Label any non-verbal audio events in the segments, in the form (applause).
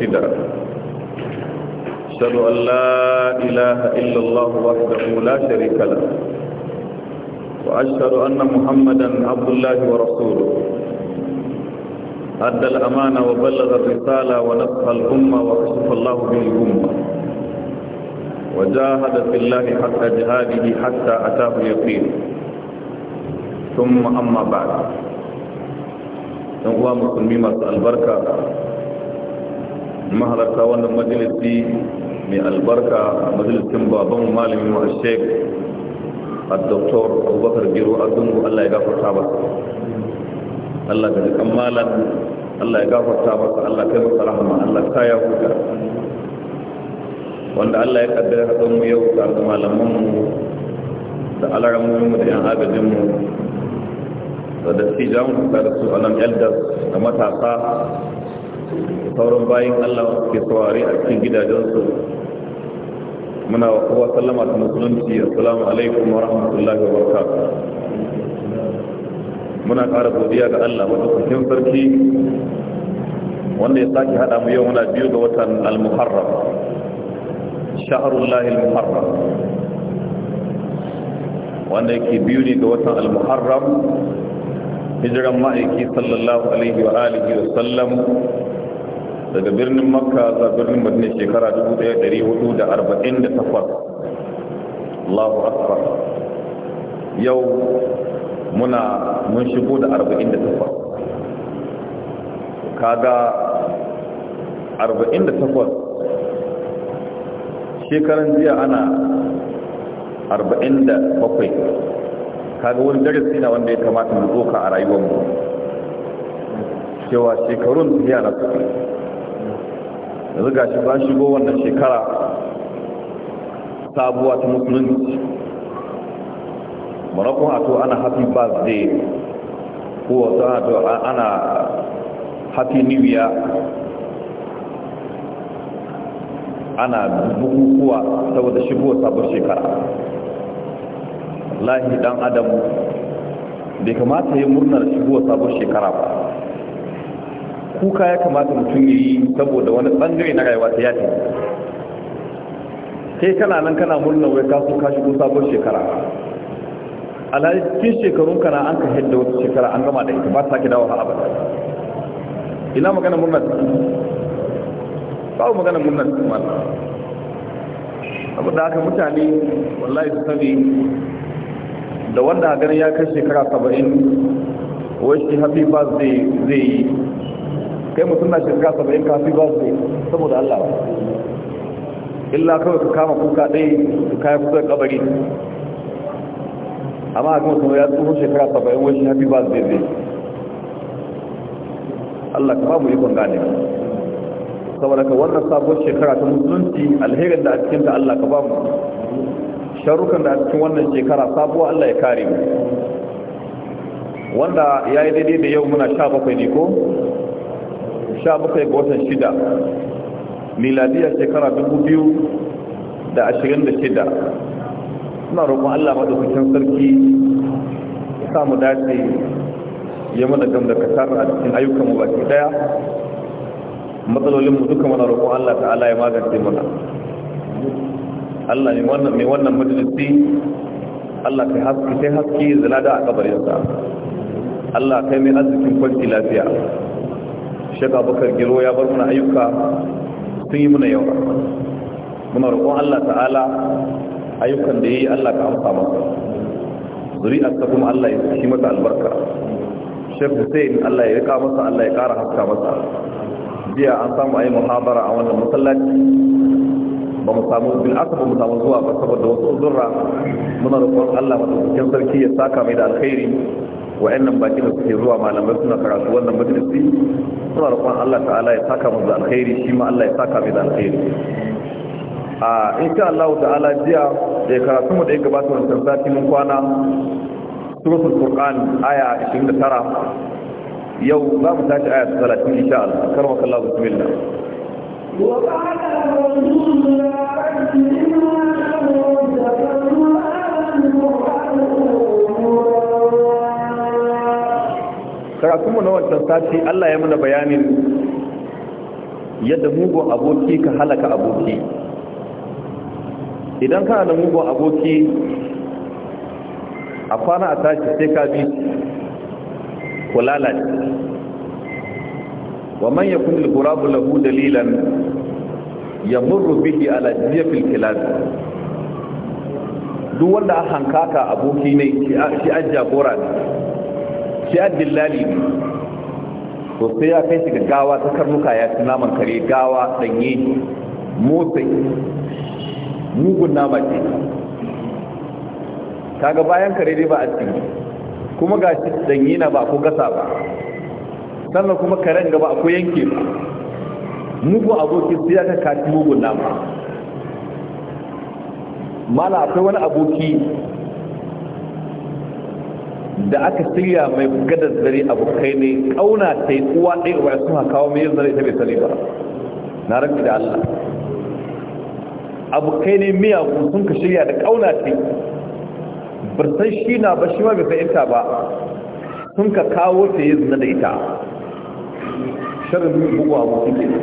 مقتصدا أشهد أن لا إله إلا الله وحده لا شريك له وأشهد أن محمدا عبد الله ورسوله أدى الأمانة وبلغ الرسالة ونصح الأمة وكشف الله به الأمة وجاهد في الله حتى جهاده حتى أتاه اليقين ثم أما بعد ɗan uwa musulmi masu mahalarta wannan majalisi mai albarka a majalisin baban malamin wa shek a doktor abubakar gero azungu allah ya gafarta ba allah ga dukan malam allah ya gafarta ba allah kai masa rahama allah ta ya huta wanda allah ya kaddara haɗin mu yau tare da malamanmu da alaramunmu da yan agajinmu da dattijan da su a nan elders da matasa da sauran bayan Allah ke saurari a cikin gidajensu muna wa kowa sallama ta musulunci assalamu alaikum wa rahmatullahi wa barakatuh muna ƙara godiya ga Allah madaukakin sarki wanda ya sake haɗa mu yau muna biyu ga watan al-muharram sha'arullahi al-muharram wanda yake biyu ne ga watan al-muharram hijiran ma'aiki sallallahu alaihi wa alihi wa sallam daga birnin makka za birnin madina shekara 1448 allahu akbar yau muna mun shigo da 48 kaga 48 shekaran jiya ana 47 kaga wani darasi na wanda ya kamata mu doka a rayuwarmu cewa shekarun yana suke yanzu gashi ba shigo wannan shekara sabuwa ta musulunci marakon ato ana happy birthday ko wasu ato ana happy new year ana bukukuwa saboda shigo sabon shekara lahi dan adam bai kamata yi murnar shigo sabon shekara ba kuka ya kamata mutum ya yi saboda wani ɓangare na rayuwa ta yaki sai kana nan kana murna wai ka kuka ko sabon shekara alhali cikin shekarun kana an ka hidda wata shekara an gama da ita ba ta sake dawo a abada ina magana murna babu magana murna cikin wannan abu da aka mutane wallahi su sani da wanda a ganin ya kai shekara saba'in wai shi happy birthday zai yi kai mutum na shirka saba'in kafi ba su saboda Allah ba illa kawai ka kama kuka ɗaya su kaya kusa kabari amma haka mutum ya tsohon shekara saba'in wani hafi ba su zai Allah ka yi ikon gane saboda ka wannan sabon shekara ta musulunci alherin da a cikin da Allah ka bamu sharukan da a cikin wannan shekara sabuwa Allah ya kare mu wanda ya yi daidai da yau muna sha bakwai ne ko 17 ga watan 6 miladiyar shekara 2026 suna roƙon allah maɗaukacin sarki samu dace ya mana gamda kasar a cikin ayyukan mu baki daya matsalolin duka mana roƙon allah ta'ala ya magance mana allah mai wannan majalisi allah ta haske sai haske zinada a kabarinsa allah kai mai arzikin kwanci lafiya shaka bakar giro ya bar muna ayyuka sun yi muna yawa muna roƙon Allah ta'ala ayyukan da ya yi Allah ka amsa masa zuri'arsa kuma Allah ya shi mata albarka shek hussein Allah ya rika masa Allah ya ƙara haska masa jiya an samu a ayi muhabara a wannan masallaci ba mu samu bin aka ba mu samu zuwa ba saboda wasu zurra muna roƙon Allah madaukakin sarki ya saka mai da alkhairi wa'annan baki da suke zuwa malamai suna karatu wannan majalisi suna roƙon Allah ta'ala ya saka da alkhairi shi ma Allah ya saka mai da alkhairi a insha Allah ta'ala jiya da karatu mu da ya gabata wannan sati mun kwana suratul furqan aya 29 yau za mu tashi aya 30 insha Allah karwa kallahu bismillah wa ba'ala karatunmu na wancan sati Allah ya muna bayanin yadda mugun aboki ka halaka aboki idan kana da mugun aboki a kwana a tashi sai ka bi ku lalace wa man yakun al-ghurabu lahu dalilan yamurru bihi ala jiyafil kilab duk wanda a hankaka aboki ne shi ajiya jagora shi addillali ne to sai ya kai shi ga gawa ta karnuka ya ci naman kare gawa danye motsi mugun nama ce kaga bayan kare dai ba a ci, kuma ga shi danye na ba ko gasa ba sannan kuma karen gaba akwai ko yanke ba mugun aboki sai ya ka mugun nama mala akwai wani aboki da aka shirya mai gadar zare abokai ne kauna ta yi uwa ɗaya uwa sun kawo mai yin zare ta bai sani ba na rabi da allah abokai ne miyagun sun ka shirya da kauna ta yi san shi na ba shi ma bai fahimta ba sun ka kawo ta yi zina da ita shirin bugu a mutum ne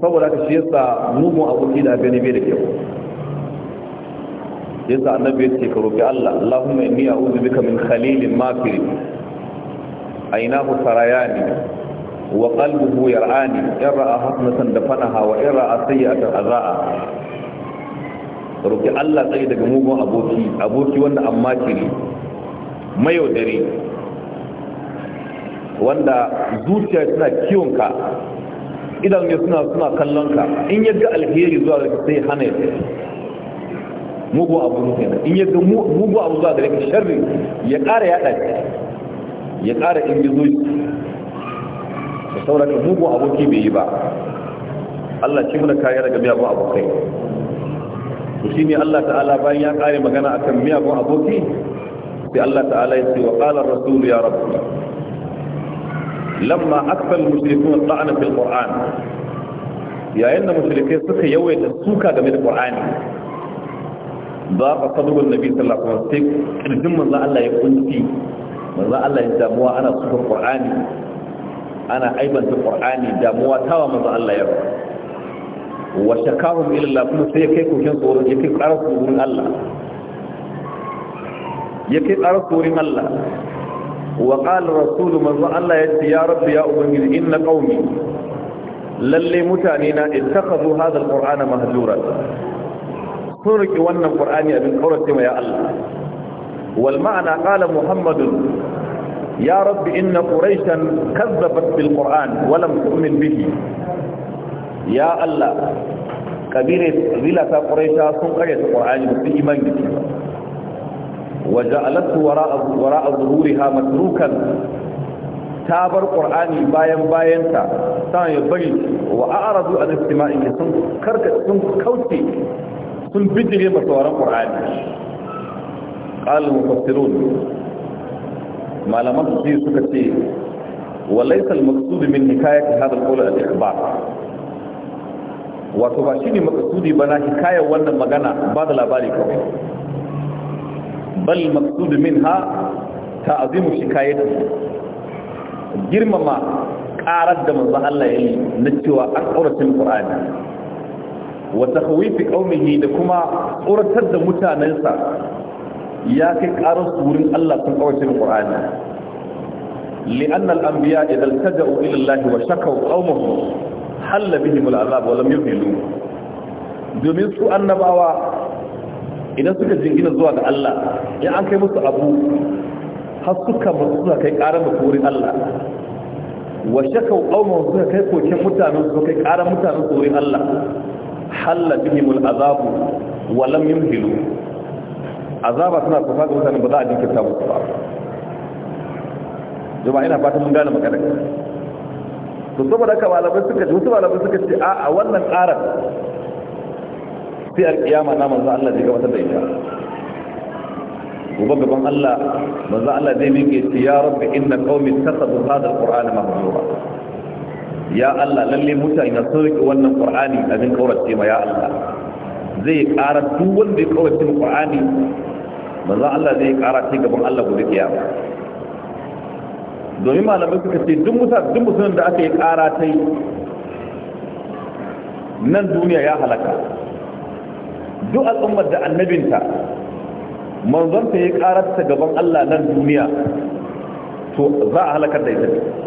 saboda ka shi yasa mugun aboki da gani bai da kyau yasa annabi ya ce ka roƙi Allah Allahumma inni a'udhu bika min khalilin makir ainahu sarayani wa qalbuhu yar'ani in ra'a hasanatan dafanaha wa in ra'a sayyi'atan azaa roƙi Allah tsaye daga mugun aboki aboki wanda an makiri mayaudari wanda zuciya suna kiwon ka idan ya suna suna kallon ka in ya ga alheri zuwa ga sai hana ya mugu abu ne kenan in yadda mugu abu zuwa gare ka sharri ya ƙara ya yaɗa ya ƙara in yi zuci da sauraka mugu aboki bai yi ba Allah ce muna kayan daga miyagun abokai ku shi ne Allah ta'ala bayan ya ƙare magana a kan miyagun aboki sai Allah ta'ala ya ce wa ƙalar rasulu ya rabu lamma aksal mushrikun ta'ana fil qur'an yayin da mushrikai suka yawaita suka game da qur'ani ba a sadugun nabi sallallahu alaihi wasallam sai kirjin manzo Allah ya kunci manzo Allah ya damuwa ana suka qur'ani ana aibanta qur'ani damuwa tawa manzo Allah ya wa shakahum ila Allah kuma sai ya kai kokin tsoro ya kai ƙara tsoron Allah ya kai ƙara tsorin Allah wa qala rasul manzo Allah ya ce ya rabbi ya ubangiji inna qaumi lalle mutane na ittakhadhu hadha alqur'ana mahjuran kun riƙe wannan ƙur'ani abin ƙaurace ma ya Allah wal ma'ana qala muhammadun ya rabbi inna quraishan kazzabat bil qur'an wa lam tu'min bihi ya Allah kabire zilata quraisha sun kare ta qur'ani su iman da shi waja'alatu wara'a wara'a zuhuriha matrukan ta bar qur'ani bayan bayanta sai ya bari wa a'radu an istima'i sun karka sun kauce sun bijire ba sauran ƙur'ani ƙalin mufassirun malaman su biyu suka ce walaisal maksudu min hikayat hadal qawla al-ikhbar wato ba shine maksudi ba na hikaya wannan magana ba da labari kawai bal min ha ta ta'zimu shikayati girmama ƙarar da manzo Allah ya yi na cewa an ƙaurace wa takhwifi ƙaunihi da kuma tsoratar da mutanensa ya kai karar su wurin Allah sun kawace Qur'ani li'anna al-anbiya idan taja'u ila Allah wa shakaw qaumahum halla bihim al-azab wa lam yuhmilu domin su annabawa idan suka jingina zuwa ga Allah ya an kai musu abu har suka suka kai karar da wurin Allah wa shakaw qaumahum suka kai koken mutanensu su kai karar mutanen su wurin Allah halla bihim al'azab wa lam yumhilu azaba suna kusa ga mutane ba za a jinkirta musu ba jama'a ina fatan mun gane magana to saboda haka malamai suka wasu malamai suka ce a a wannan ƙarar sai alƙiyama na manzo Allah zai gabatar da ita gobe gaban Allah manzo Allah zai miƙe ce ya rabbi inna qaumi takhadhu hadha alqur'ana mahjura ya Allah lalle mutane na sun rike wannan Qur'ani abin kaurace ma ya Allah zai ƙara duk wanda ya kaurace ma Qur'ani manzo Allah zai ƙara ci gaban Allah gobe kiyama domin malamai suka ce duk mutane duk mutumin da aka yi ƙara ta yi nan duniya ya halaka duk al'ummar da annabinta manzon ta yi ƙarar ta gaban Allah nan duniya to za a halakar da ita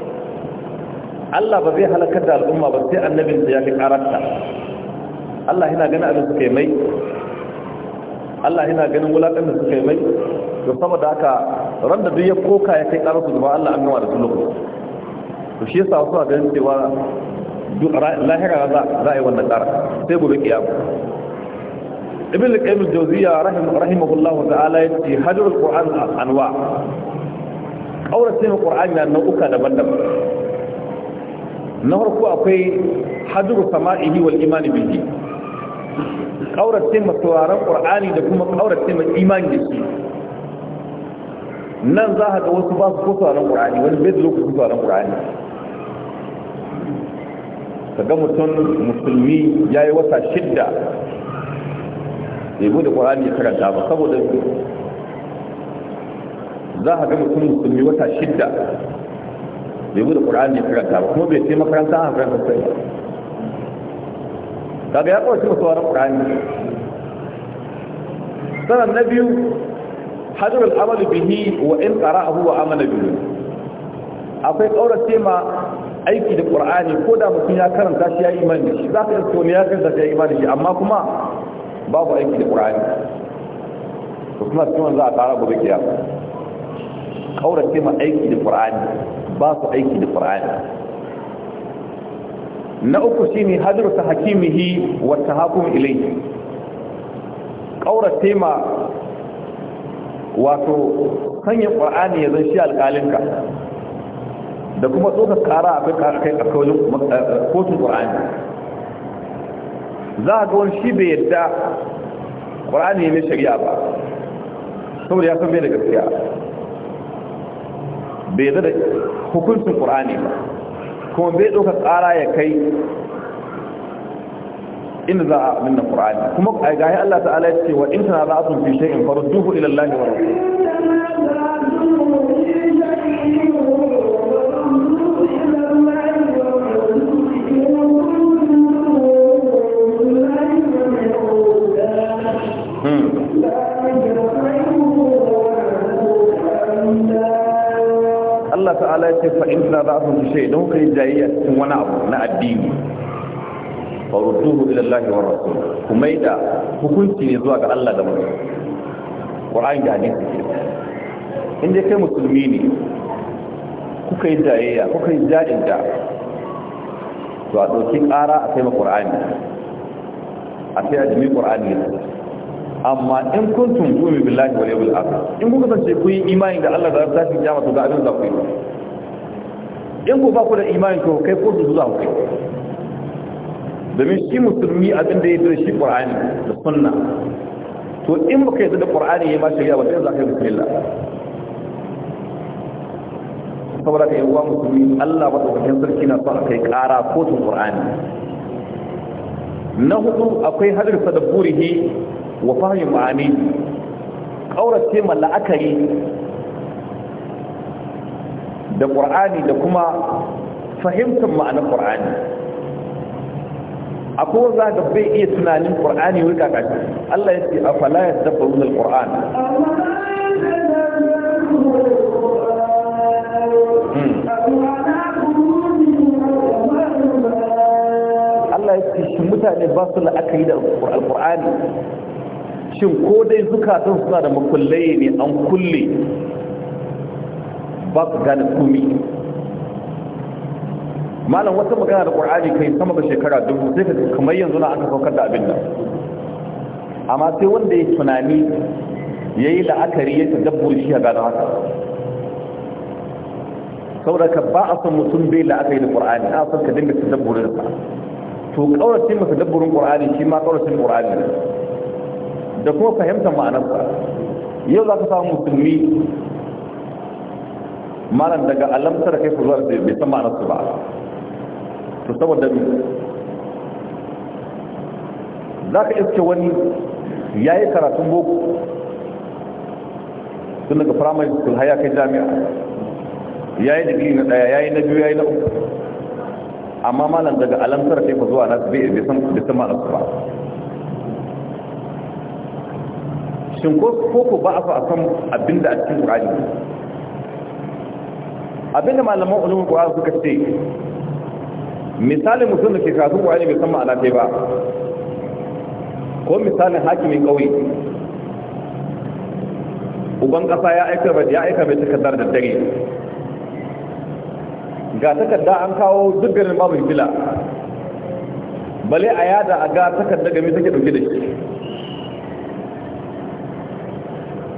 Allah ba zai halakar da al'umma ba sai annabin da ya fi karanta Allah yana ganin abin suka yi mai Allah yana ganin wulakan da suka yi mai to saboda haka ran da duk ya koka ya kai karar su Allah an gama da su lokaci to shi yasa wasu ganin cewa duk lahira za a yi wannan karar sai gobe kiyama ibn al-qayyim al-jawziyya rahimahullahu ta'ala ce hadrul qur'an anwa mu qur'ani na nau'uka daban-daban na farko akwai hajjuru sama'ihi wal imani bihi kaurace ma sauraron qur'ani da kuma kaurace ma imani da shi nan za a ga wasu ba su ko sauraron qur'ani wani bai da lokacin sauraron ƙur'ani. ka ga mutum musulmi ya yi wata shidda bai bude ƙur'ani ya karanta ba saboda za a ga mutum musulmi wata shidda bai bude qur'ani ya karanta ba kuma bai ce makaranta a karanta sai kaga ya kawace masu wani qur'ani sanan na biyu hajar al'amal bihi wa in qara'ahu wa amana bihi akwai kaurace ma aiki da qur'ani ko da mutum ya karanta shi ya imani shi za ka yi tsoni ya karanta shi ya imani shi amma kuma babu aiki da qur'ani to kuma cikin za a tara gobe kiyama kaurace ma aiki da qur'ani ba su aiki da qur'ani na uku shine hadru ta hakimihi wa tahakum ilai. kaurace ma wato sanya qur'ani ya zan shi alƙalinka da kuma tsokar kara a kai a eh, kotun ƙwar'ani za a ga wani shi bai yadda ƙwar'ani ne shari'a ba saboda ya san bai da gaskiya bai yadda da hukuncin ƙur'ani ba kuma bai ɗauka tsara ya kai inda za a abin da ƙur'ani kuma a gahi Allah ta'ala ya ce wa in za a sun fi shayin faru duhu ilallahi wa rasu Allah ta'ala ya ce fa in za a fi shay don kai jayayya cikin wani abu na addini fa rudduhu ila Allah wa rasul kuma da hukunci ne zuwa ga Allah da manzo Qur'ani da hadisi in dai kai musulmi ne kuka yi jayayya kuka yi jadin da to a ɗauki ƙara a kai ma Qur'ani a sai a jimi Qur'ani ne amma in kuntum tu'minu billahi wal yawmil akhir in kuka sace ku yi imani da Allah da ranar tashin kiyama to ga abin da ku yi in ku ba ku da imani to kai ko su za ku kai domin shi musulmi abin da ya yi shi qur'ani da sunna to in baka yi da qur'ani ya ma shari'a ba sai za ka yi bismillah saboda ka yi wa musulmi Allah ba tsofaffin sarki na son kai kara kotun qur'ani na hudu akwai hadarsa da wa fahim ma'ani ƙaurace ma la'akari da ƙur'ani da kuma fahimtar ma'anar ƙur'ani akwai wanda da bai iya tunanin ƙur'ani wai kakashi Allah ya ce afala ya dafa wunar ƙur'ani hmm. Allah ya ce shi mutane ba su la'akari da alƙur'ani shin ko dai zukatun suna da makullai ne an kulle ba su gane kumi malam wata magana da ƙwararri kai sama da shekara dubu sai ka kamar yanzu na aka saukar da abin nan amma sai wanda ya tunani ya yi la'akari ya ta dabbo shi a gano haka ka ba a son mutum bai la'akari da ƙwararri a son ka dinga ta dabbo da to ƙaurace masa dabburin ƙwararri shi ma ƙaurace ƙwararri da kuma fahimtar ma'anarsa yau za ka samu musulmi malam daga alamta da kai su zuwa bai san ma'anarsa ba to saboda mi za ka iske wani ya yi karatun boko tun daga firamare school haya kai jami'a ya yi digiri na daya ya yi na biyu ya yi na uku amma malam daga alamtar kai ku zuwa na bai san ma'anarsa ba shin ko ko ba a fa akan abinda a cikin qur'ani abinda malaman ulumul qur'ani suka ce misalin mutum da ke karatun ƙwari bai san ma'ana ba ko misalin hakimin ƙauye uban ƙasa ya aika mai ya aika mai takardar da dare ga takarda an kawo duk garin babu fila bale a yada a ga takardar game take dauke da shi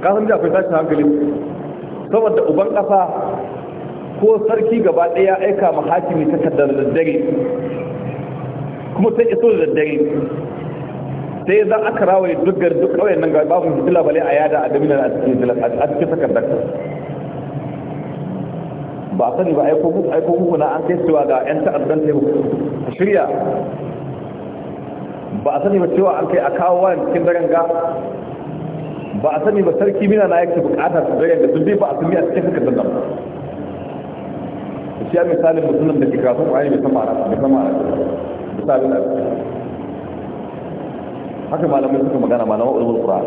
kasan da akwai tashin hankali saboda uban ƙasa ko sarki gaba ɗaya aika ma hakimi da daddare kuma sai iso da daddare sai za a karawa duk dukkan duk kawai nan ga babu fitila bale a yada a da a cikin takardar ba a sani ba aiko muku na an kai cewa ga 'yan ta'addan ta a shirya ba a sani ba cewa an kai a kawo wani cikin daren ga ba a sani ba sarki mina na yake bukatar su zai da duk dai ba a sani a cikin haka zannan ba shi ya misalin musulun da ke karatun ƙwari mai sama a rasu mai sama a rasu misalin rasu haka malamai suka magana malamai ulumul qur'an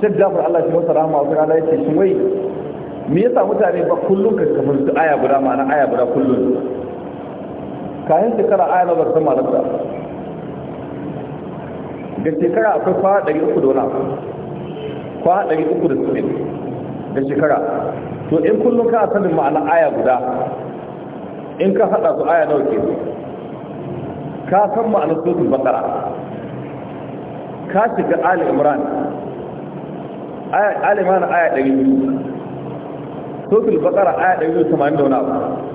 shek jafar allah shi masa rahama wasu ala yake shi wai me yasa mutane ba kullum ka kafin su aya guda ma'ana aya guda kullum kayan shekara aya na ba su sama ga shekara akwai kwa uku da wani kwa 360 shekara to in kullum ka sanin ma'ana aya guda in ka haɗa su aya nawa ke ka san ma'anar suratul Bakara? ka shiga ali imran aya ali imran aya biyu suratul bakara aya 180 da wani abu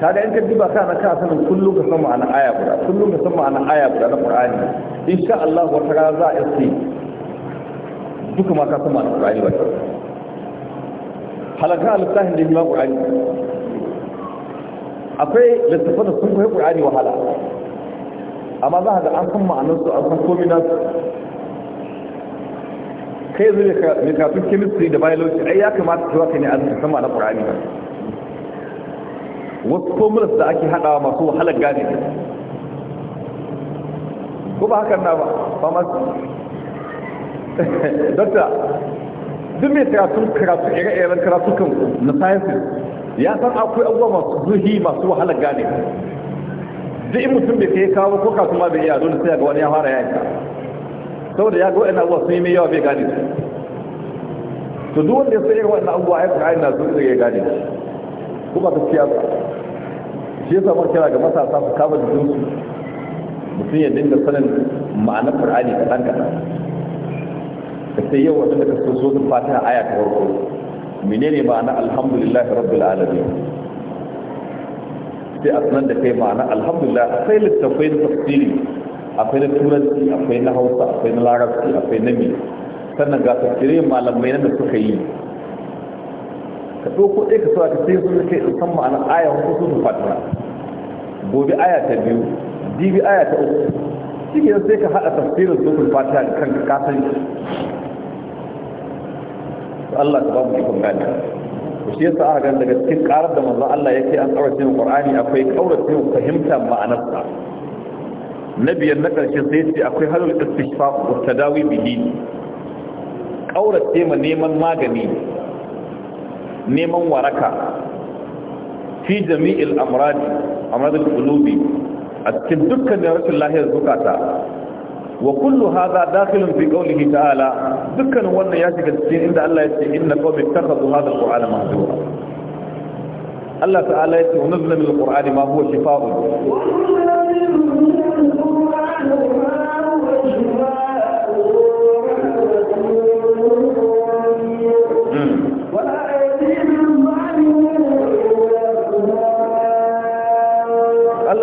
kaga in ka duba kana ka sanin kullum ka san ma'ana aya guda kullum ka san ma'ana aya guda na qur'ani insha Allah wata rana za a yi duka ma ka san ma'ana qur'ani ba halaka al-sahin da ma qur'ani akwai littafin da sun kai qur'ani wahala amma za ka ga an san ma'anar su an san komai na su kai zai mai kafin chemistry da biology ai ya kamata ka ne a san ma'anar qur'ani ba wasu formulas da ake haɗawa masu wahalar gane ko ba hakan na ba ba masu (laughs) dokta duk mai karatun karatu ire-iren karatu kan na sayansu ya san akwai abubuwa masu zuhi masu wahalar gane duk in mutum bai kai kawo ko kasu ma bai yi a dole sai ga wani ya fara ya isa saboda ya ga wa'annan abuwa sun yi mai yawa bai gane su to duk wanda ya sai irin wa'annan abubuwa ya fi na zuwa ya gane su Kuma ba gaskiya ba shi yasa mun kira ga matasa su kama jikin su mutum ya dinga sanin ma'anar qur'ani kaɗan kaɗan da sai yau wanda ka so so fatiha aya ta farko menene ma'ana alhamdulillahi rabbil alamin sai a sanar da kai ma'ana alhamdulillah akwai littafai da tafsiri akwai na turanci akwai na hausa akwai na larabci akwai na mi sannan ga tafsirin malamai nan da suka yi ka ɗauko ɗaya ka sauka sai sun kai in san ma'anar aya ko sun fatima gobe aya ta biyu dibi aya ta uku shi sai ka haɗa tafsirin su fatiha da kanka ka kasan Allah ta ba mu ikon gani shi yasa aka gani daga cikin ƙarar da manzo Allah yake an tsawace cikin Qur'ani akwai kaurace mu fahimta ma'anarsa nabiyan na karshe sai ce akwai halul istishfaq wa tadawi bihi kaurace mu neman magani neman waraka fi jami'il amradi amradul qulubi a cikin dukkanin rashin lahiyar zukata wa kullu hadha dakhilun fi qawlihi ta'ala dukkanin wannan ya shiga cikin inda Allah ya ce inna qawmi ittakhadhu hadha al-qur'ana Allah ta'ala ya ce unzila min al-qur'ani ma huwa shifaa'un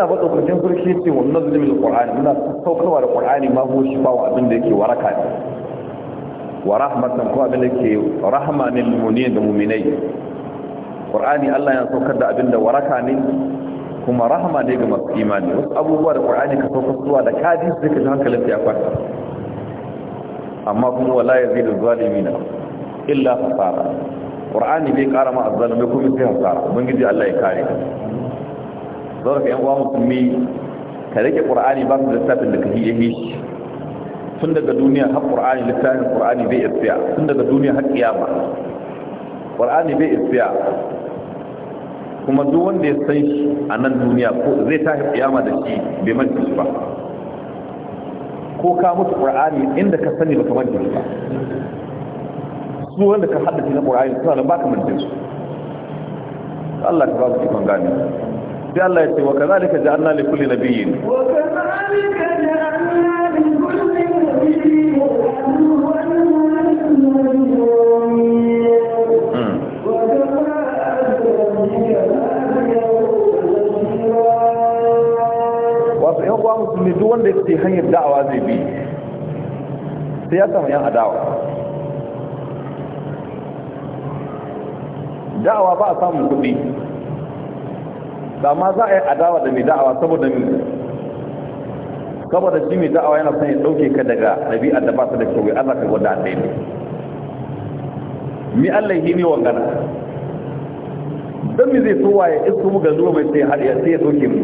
Allah ba dokokin sarki ce wa nazli da alqur'ani muna saukarwa da qur'ani ma ko shi ba wa abin da yake waraka ne wa rahmatan ko abin da yake rahma lil mu'minin da mu'minai qur'ani Allah ya saukar da abin da waraka ne kuma rahama ne ga masu imani wasu abubuwa da qur'ani ka saukar zuwa da kadi sai ka ji hankalin ya kwanta amma kuma wala yazidu zalimina illa fasara qur'ani bai karama azzalimai kuma sai hasara ubangiji Allah ya kare ka zaura ka yan uwa musulmi ka rike qur'ani ba su littafin da ka yi yahi shi tun daga duniya har ƙur'ani littafin ƙur'ani bai isfiya tun daga duniya har ƙiyama ƙur'ani bai isfiya kuma duk wanda ya san shi a nan duniya ko zai tashi ƙiyama da shi bai manta shi ba ko ka mutu ƙur'ani inda ka sani baka manta shi ba su wanda ka haddace na ƙur'ani suna nan baka manta su Allah ka ba su ikon gane sai Allah ya ce wa kazalika ja'alna li kulli nabiyyin yan uwa duk wanda ya ce hanyar da'awa zai bi sai ya samu yan adawa da'awa ba a samun kuɗi da ma za a yi adawa da mai da'awa saboda mai saboda shi mai da'awa yana son ya ɗauke ka daga ɗabi'ar da ba su da kyau ya Allah ka gwada ɗaya ne mi Allah yi ne wangana don mi zai so waye isko mu ga zuwa mai sai har sai ya ɗauke mu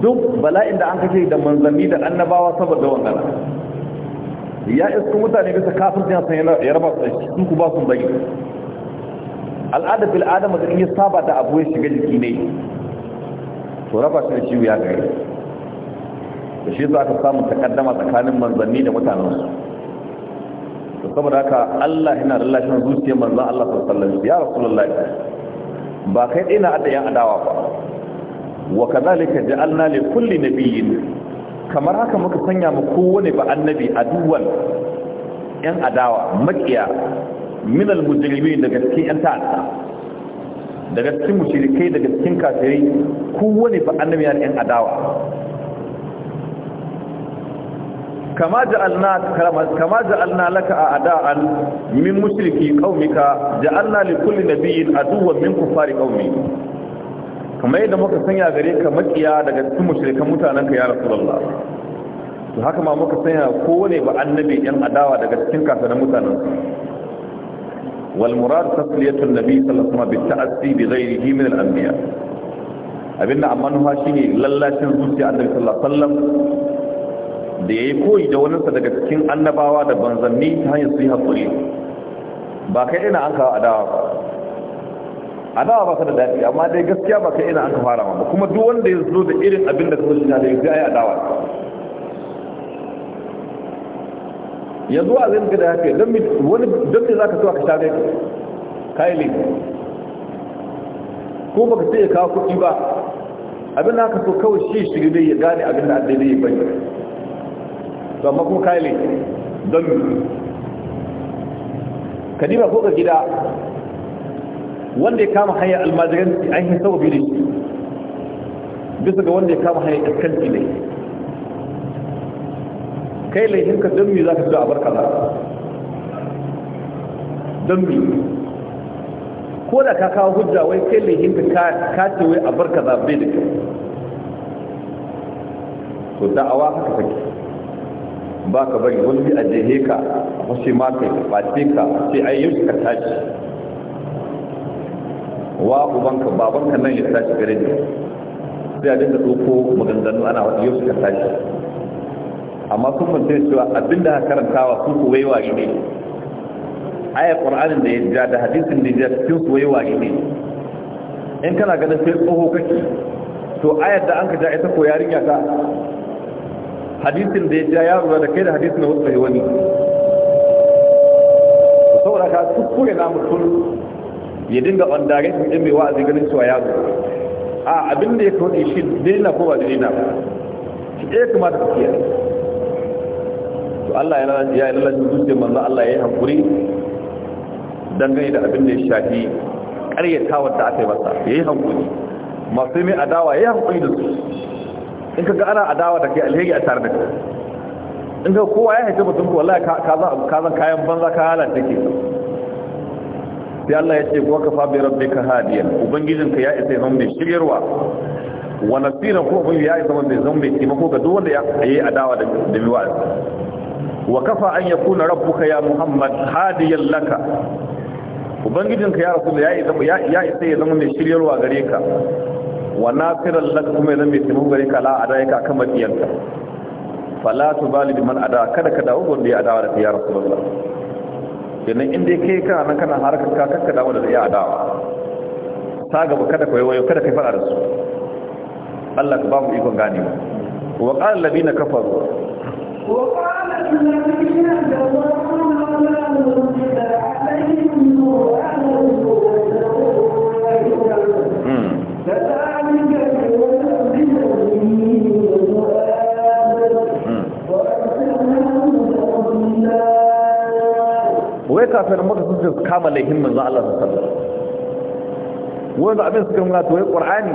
duk bala'in da an kashe da manzanni da annabawa saboda wangana ya isko mutane bisa kafin ya raba su ku ba su zagi al'ada bil adama da in ya saba da abu ya shiga jiki ne to raba shi da ciwo ya gari da shi za ka samu takaddama tsakanin manzanni da mutanen mutanensu to saboda haka Allah yana da lashin zuciyar manzan Allah sallallahu alaihi wasallam ya rasulullahi ba kai dai na adda adawa ba wa kadhalika ja'alna li kulli nabiyyin kamar haka muka sanya mu kowane ba annabi aduwan yan adawa makiya min al-mujrimin daga cikin yan ta'adda daga cikin mushrikai daga cikin kafirai wani fa annabi ya yan adawa kama ja'alna kama ja'alna laka a'da'an min mushriki qaumika ja'alna li kulli nabiyyin aduwwan min kufari qaumi kamar yadda muka sanya gare ka makiya daga cikin mushrikan mutananka ya rasulullah to haka ma muka sanya kowane ba annabi yan adawa daga cikin kafirai mutanen والمراد تسلية النبي صلى الله عليه وسلم بالتأسي بغيره من الأنبياء abinda للا shine عن zuciya صلى الله عليه وسلم da ya yi koyi da wani sa daga cikin annabawa da banzanni ta hanyar su yi haƙuri, ba kai ina an kawo adawa ba adawa ba ka da dadi amma dai gaskiya ba kai ina an ka fara ba kuma duk wanda ya zo da irin abin da ka zo shi da ya yi adawa yanzu a zai gada da yafe don me za ka so ka sha dai kayi ne. ko baka ce ya kawo kuɗi ba abin da aka so kawai shi shiga dai ya gane abin da adai da ya bai to amma kuma kayi ne, don me kadima ko ka gida wanda ya kama hanyar almajiranci ainihin yi sauwa biyu bisa ga wanda ya kama hanyar iskanci ne kai laifin ka don me za ka fito a barka za don me ko da ka kawo hujja wai kai laifin ka ce wai a barka ba bai da kai to da'awa ka take ba ka bari wani a jehe ka a fashe maka ba ce ka sai ai yau ka tashi wa ubanka babanka nan ya tashi gare ne sai a dinga tsoko maganganu ana wata yau ka tashi amma sun fahimci cewa abinda ha karantawa sun ku waiwa shi ne aya qur'anin da ya ja da hadisin da ya cikin su waiwa shi ne in kana ganin sai tsoho kake to ayar da an ka ja ita ko yarinya ta hadisin da ya ja yaro da kai da hadisin da wasu wani saboda ka kuskure na mutum ya dinga on direct din mai wa'azi ganin cewa ya zo a abin da ya kawo shi daina ko ba ba shi ɗaya kuma da kiyaye Allah ya lalace zuciyar manzo Allah ya yi hankuri dangane da abin da ya shafi ƙaryatawar da aka yi masa ya yi hankuri masu yi adawa ya yi hankuri da su in ka ga ana adawa da kai alheri a tare da ka, in ka kowa ya haifi mutum ko wallahi ka zan kayan banza ka halatta ke sai Allah ya ce kuwa ka fabi rabbi ka hadiya ubangijinka ya isa zama mai shiryarwa wa nasiran ko ubangiji ya isa zama mai zama mai taimako ga duk wanda ya yi adawa da mai wa'azi wa kafa an yakuna rabbuka ya muhammad hadiyan laka ubangijinka ya rasul ya isa ya isa ya zama mai shiryarwa gare ka wa nasiran laka kuma ya zama mai taimako gare ka la adayaka kan matsiyanka fala tubali biman ada kada ka dawo gonde ya adawa da ya rasulullah kenan inda kai ka nan kana harkar ka kakka dawo da ya adawa ta gaba kada kai wayo kada kai fara da su Allah ka ba mu ikon gane wa qala ladina kafaru wa wai kafin maka sun ce kama laihin manzo Allah sallallahu alaihi wasallam wanda abin suka nuna to wai Qur'ani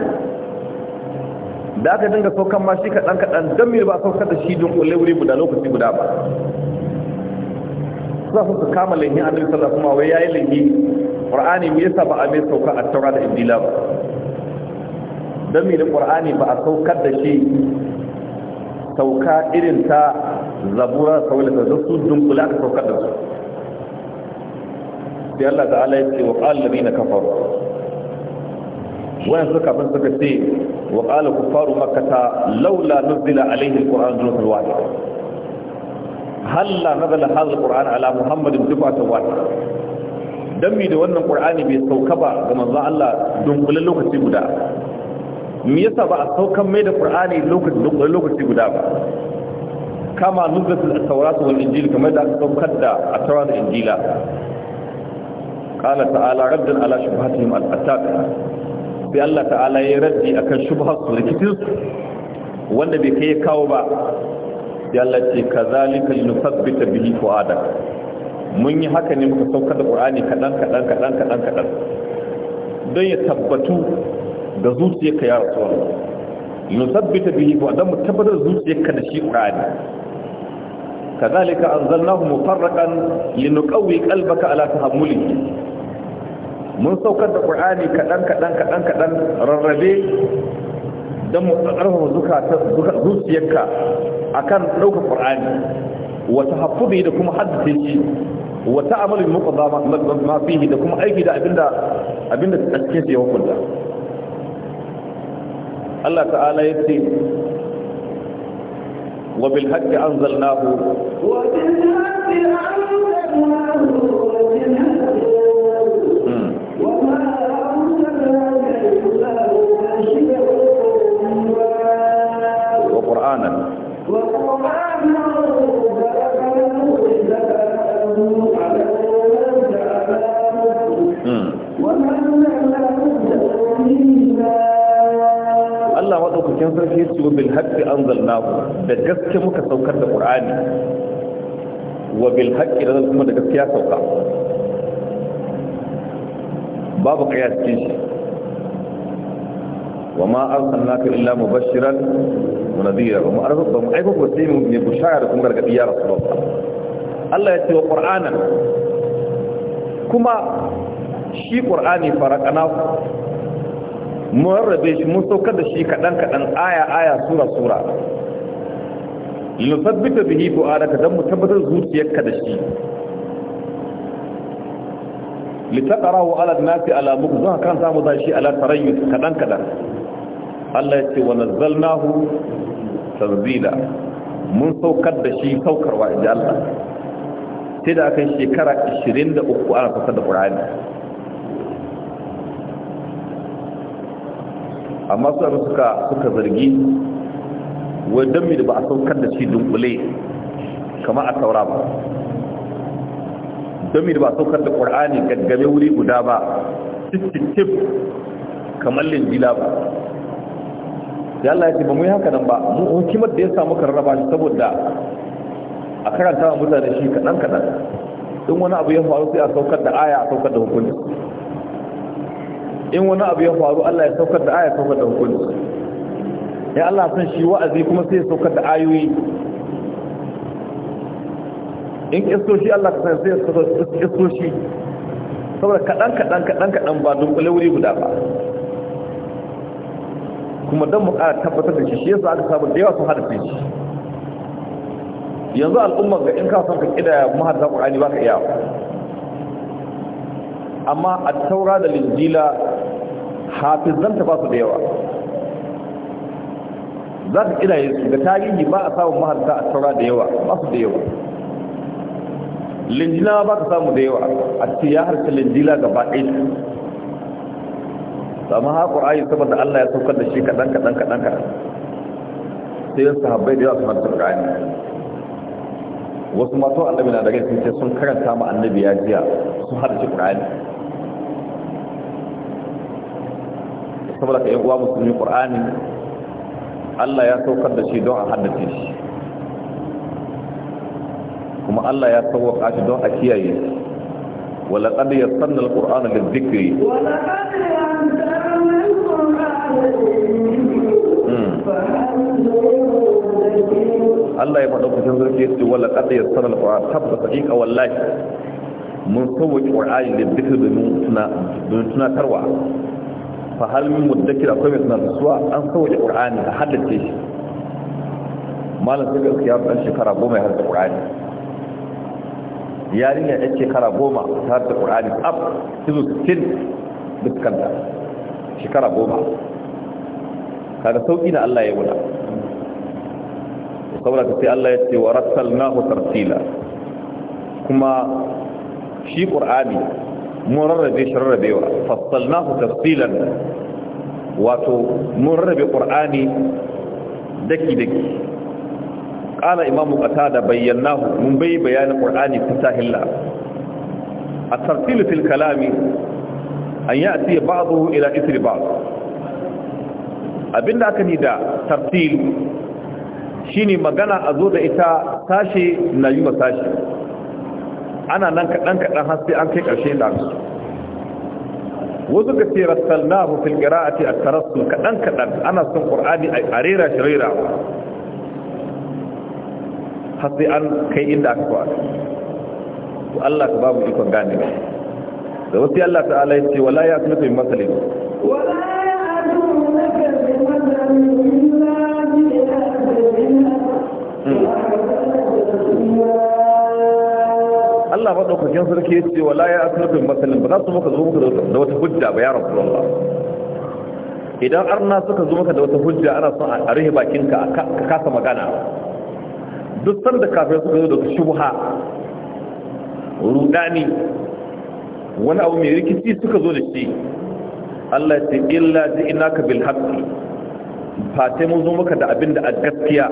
da aka dinga saukan ma shi kaɗan kaɗan don mai ba saukar da shi don ƙulle wuri guda lokaci guda ba za su kama lahin annabi sallallahu alaihi wasallam wai yayi lahi qur'ani me yasa ba a mai saukar a taura da injila ba don mai qur'ani ba a saukar da shi sauka irin ta zabura kawai da su dunkula aka saukar da su sai Allah ta'ala ya ce wa qal ladina kafaru wayan suka kafin suka ce وقال كفار مكة لولا نزل عليه القرآن جنوس الواحد هل لا نزل هذا القرآن على محمد دفعة واحدة دمي دي wannan Qur'ani bai sauka ba ga manzo Allah dunkulen lokaci guda me yasa ba a saukan mai da Qur'ani lokaci lokaci guda ba kama nuzlatul tawrat wal injil kamar da saukar da da ala shubhatihim al-attaq sai Allah ta'ala ya raddi akan shubhar su rikitin su wanda bai kai kawo ba ya Allah ce kazalika linusabbita bihi fuada mun yi haka ne muka saukar da Qur'ani kadan kadan kadan kadan kadan don ya tabbatu da zuciyarka ya rasul linusabbita bihi fuada mu tabbatar zuciyarka da shi Qur'ani kazalika anzalnahu mufarraqan linuqawwi qalbaka ala tahammulihi mun saukar da ƙur'ani kaɗan kaɗan kaɗan kaɗan rarrabe don mu ƙarfafa zuciyarka a kan ɗaukar ƙur'ani wata hafubi da kuma haddace shi wata amalin muka ba ma fihi da kuma aiki da abinda abinda a cikin ya hukunta Allah ta'ala ya ce wa bil haqqi anzalnahu wa bil haqqi anzalnahu wa bil haqqi ce wa bil haqqi anzalnahu da gaske muka saukar da qur'ani wa bil haqqi da kuma da gaskiya sauka babu qiyas cikin shi wa ma arsalnaka illa mubashiran wa nadhira wa ma arsalna mu aibu ko sai mu bushara kuma gargadi ya rasulullah Allah ya ce wa qur'anan kuma shi qur'ani faraqnahu mun rarrabe shi mun saukar da shi kaɗan kaɗan aya aya sura sura linusabbita bihi daga dan mu tabbatar zuciyarka da shi litaqrahu ala an-nasi alamu zuwa kan samu da shi ala tarayyus kaɗan kadan Allah ya ce wa nazzalnahu tanzila mun saukar da shi saukarwa inda Allah sai da yi shekara 23 ana fasar da Qur'ani amma su abin suka suka zargi don mai da ba a saukar da shi dunkule kama a taura ba don mai da ba a saukar da ƙwar'ani gaggame wuri guda ba tip kamar linjila ba ya Allah ya ce ba mu yi haka nan ba mu hukimar da ya samu karraba shi saboda a karanta wa mutane shi kaɗan-kaɗan Don wani abu ya faru sai a saukar da aya a saukar da hukunci in wani abu ya faru Allah ya saukar da aya saukar da hukunci ya Allah san shi wa'azi kuma sai ya saukar da ayoyi in shi Allah ka san sai ya saukar da shi saboda kaɗan kaɗan kaɗan kaɗan ba dunkule wuri guda ba kuma don mu ƙara tabbatar da shi shi yasa aka samu da yawa sun hada shi yanzu al'ummar ga in ka son ka kida mahadda ƙwani ba ka iya amma a taura da linjila hafizanta ba su da yawa za ta kiraye su da tarihi ba a samun maharta a saura da yawa ba su da yawa lindila ba ka samu da yawa a ce ya harshe lindila ga ɗaya sama haƙo ayi saboda allah ya saukar da shi kaɗan kaɗan kaɗan kaɗan sai yin sahabbai da yawa su hantar ƙani wasu matan annabi na da rai sun ce sun karanta ma annabi ya jiya sun harshe shi ne. saboda ka yan uwa musulmi qur'ani Allah ya saukar da shi don a haddace shi kuma Allah ya sauwaka shi don a kiyaye wala qad yassanna al-qur'ana lidh-dhikri wala hmm. qad yassanna Allah ya faɗa kusan zurfi yace wala qad yassara al-Qur'an tabbata haqiqa wallahi mun sauwaki Qur'ani da duka domin domin tunatarwa fa hal min mudakkir akwai mai sanar suwa an sauke ƙur'ani a haddace shi malam sai gaskiya ɗan shekara goma ya haddace qur'ani yarinya ɗan shekara goma ta haddace ƙur'ani ab kizo 60 dukkan ta shekara goma kaga sauƙi na Allah ya wuna saboda sai Allah ya ce wa rasalnahu tartila kuma shi ƙur'ani. mun rarrabe shi rarrabewa fassalnahu tafsilan wato mun rarrabe qur'ani daki daki qala imamu qatada bayyanahu mun bai bayanin qur'ani ta at A fil kalami an yi ba a ya'ti ba'dahu ila ithri ba'd abinda aka ni da tartil shine magana a zo da ita tashi na yi masashi ana nan kaɗan kaɗan har sai an kai ƙarshe da su wasu ka ce rassalnahu fil qira'ati at-tarassul kaɗan kaɗan ana son ƙur'ani a rera shi rera har sai an kai inda aka kwana to Allah ka babu ikon gane da wasu Allah ta'ala ya ce wala ya tuna fi masalin wala ya tuna fi masalin illa bi ahadin hmm. wa Allah ba daukakin sarki ya ce wala ya asnafin masalin ba za su maka zo da wata hujja ba ya rasulullah idan arna suka zo maka da wata hujja ana son a rihe bakinka ka kasa magana duk sanda kafin suka zo daga shubha rudani wani abu mai rikici suka zo da shi Allah ya ce illa ji ina ka bil haqqi fa mu mun zo maka da abin da a gaskiya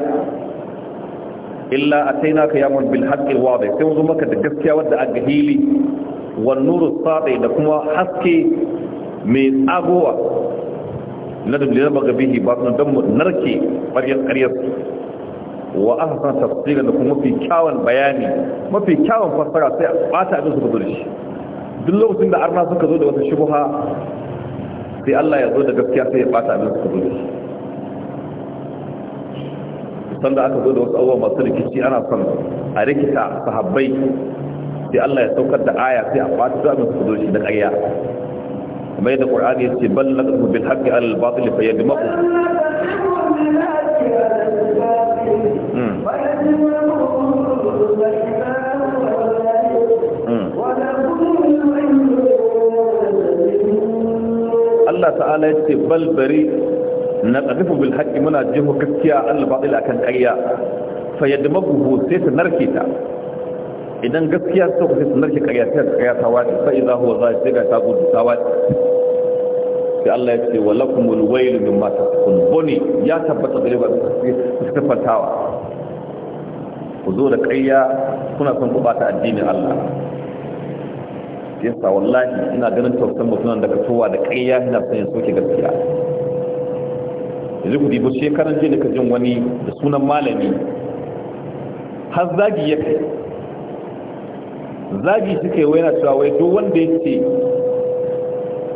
illa a atainaka ya mun bil haqqi wadai sai zo maka da gaskiya wadda a ga hili. Wani nuru sadi da kuma haske mai tsagowa na dalilin magabihi ba su don mu narke ƙaryar ƙaryar wa aka san tafsirin da kuma mafi kyawun bayani mafi kyawun fassara sai a ɓata abin su ka da shi duk lokacin da arna suka zo da wata shubuha sai Allah ya zo da gaskiya sai ya ɓata abin su ka da shi sanda aka zo da wasu abubuwa masu rikici ana son a rikita sahabbai sai Allah ya saukar da aya sai a fata za mu zo shi da ƙarya kamar yadda Qur'ani ya ce ballaghu bil haqqi al batil fa yadmaqu hmm. hmm. Allah ta'ala ya ce bal bari na qadifu bilhaƙi, muna jihu gaskiya al a kan ƙarya fa yadmaguhu sai ta narke ta idan gaskiya ta ku sai ta narke ƙarya sai ta ƙarya ta wace fa idza huwa zai sai ga ta gudu ta wace sai Allah ya ce wa lakumul wailu mimma tasqun boni ya tabbata gare ba ku tafantawa ku zo da ƙarya kuna son ku bata addinin Allah yasa wallahi ina ganin tausan mutumin daga towa da ƙarya ina son ya soke gaskiya yanzu ku dibo shekaran jiya ka jin wani da sunan malami har zagi ya kai zagi shi ke wai na cewa wai duk wanda ya ce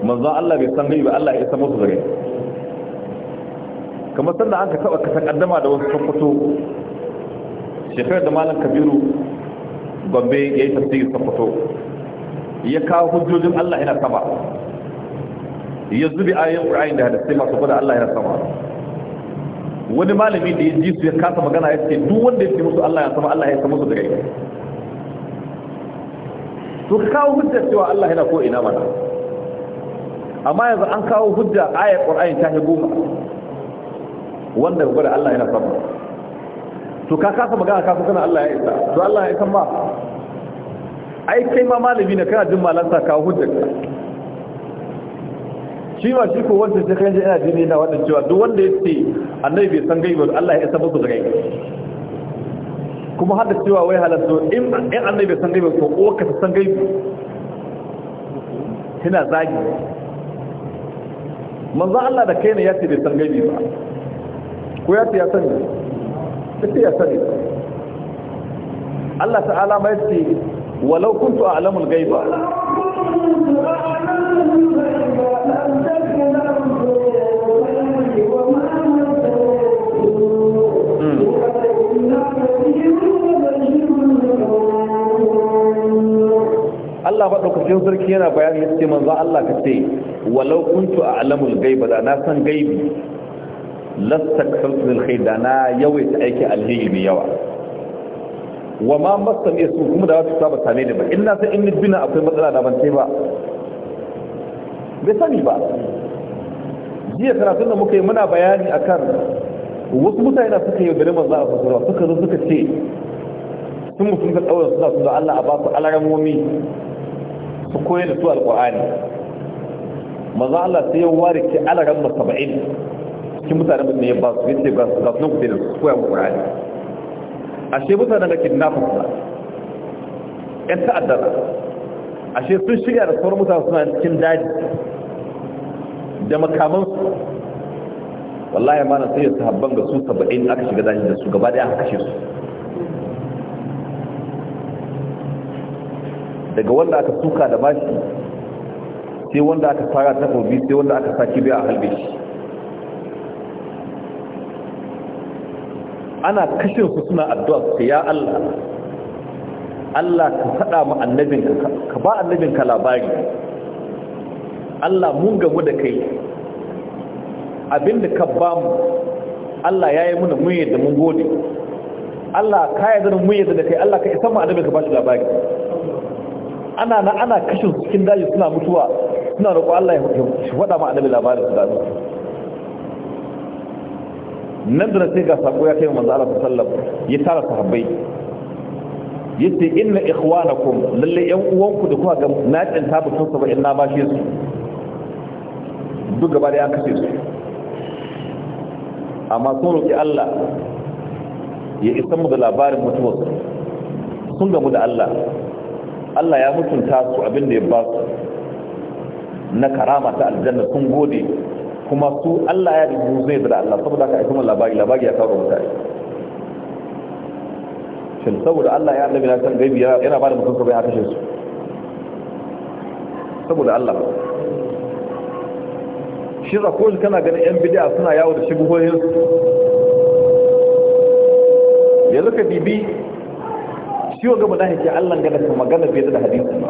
manzon Allah bai san gaibi Allah ya san musu zare kamar sanda an ka taba ka takaddama da wasu sokoto shekarar da malam kabiru gombe ya yi tafsirin sokoto ya kawo hujjojin Allah yana sama ya zubi ayoyin ƙura'in da hadisai masu kuda Allah yana sama wani malami da ya ji su ya kasa magana ya ce duk wanda ya ce musu Allah ya sama Allah ya sama su daga ita to ka kawo hujja cewa Allah yana ko ina mana amma yanzu an kawo hujja ayat Qur'ani ta goma wanda gwada Allah yana sama to ka kasa magana ka kana Allah ya isa to Allah ya isa ma ai kai ma malami ne kana jin malanta kawo hujjar shi ma shi ko wanda ya kai yana jini na wannan cewa duk wanda ya ce annabi bai san gaibi ba Allah ya isa musu da gaibi kuma hada cewa wai halatto in annabi bai san gaibi ko ko ka san gaibi tana zagi manzo Allah da kai ne ya ce bai san gaibi ba ko ya ce ya sani sai ya sani Allah ta'ala mai ce walau kuntu a'lamul gaiba Allah maɗaukacin sarki yana bayani ya ce manzo Allah ka ce walau kuntu a'lamul ghaiba da na san gaibi lastakfartu lil khair da na yawaita aiki alheri mai yawa wa ma massan yasu kuma da wasu saba tane da ba in na san in bina akwai matsala da ban sai ba bai sani ba jiya karatun da muka yi muna bayani akan wasu mutane da suka yi garin manzo a fasarwa suka zo suka ce sun mutum ka tsawon suna su Allah a ba su alaran su koyar da su alƙur'ani maza Allah sai ya ware ki alaran ma saba'in cikin mutanen mutum ya ba su yace ba su nan ku da su koya alƙur'ani ashe mutanen da kidnappers na ƴan ta'addar ashe sun shirya da sauran mutane suna cikin daji da makamansu wallahi ma na sai sahabban ga su saba'in aka shiga daji da su gaba ɗaya aka kashe su daga wanda aka suka da bashi sai wanda aka fara takobi sai wanda aka saki biya a halbe shi ana kashin su suna addu'a su ya Allah Allah ka fada mu annabinka ka ba annabinka labari Allah mun gamu da kai abinda ka ba mu Allah ya yi muna mun yadda mun gode Allah ka yadda mun yadda da kai Allah ka isa mu annabinka ba shi labari ana na ana kashin cikin daji suna mutuwa suna roƙo Allah ya wada ma annabi labarin su da su nan da na sai ga sako ya kai manzo Allah sallallahu alaihi ya tara sahabbai yace inna ikhwanakum lalle yan uwanku da kuka ga na tsinta tabu tun ba inna ba shi su duk gaba da ya kashe su amma sun roƙi Allah ya isa mu da labarin mutuwar sun gamu da Allah Allah ya mutunta su abin da ya ba su na karama ta aljanna sun gode kuma su Allah ya rubu zai da Allah saboda ka aikuma labari labari ya kawo mutane shin saboda Allah ya annabi na san gaibi yana ba da mutum ko bai haka shi su saboda Allah shi za ko kana ganin yan bid'a suna yawo da shigohoyin yanzu ka bibi ciwo gaba da yake Allah ga ka magana bai da hadisi ba